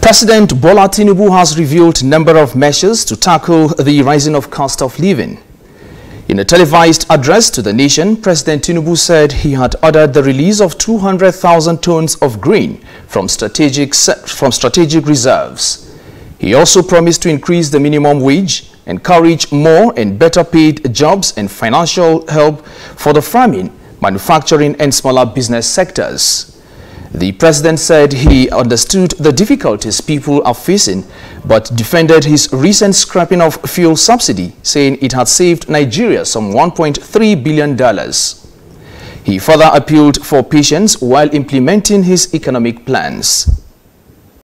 President Bola Tinubu has revealed a number of measures to tackle the rising of cost of living. In a televised address to the nation, President Tinubu said he had ordered the release of 200,000 tons of grain from strategic, from strategic reserves. He also promised to increase the minimum wage, encourage more and better paid jobs and financial help for the farming, manufacturing and smaller business sectors. The president said he understood the difficulties people are facing, but defended his recent scrapping of fuel subsidy, saying it had saved Nigeria some $1.3 billion. He further appealed for patience while implementing his economic plans.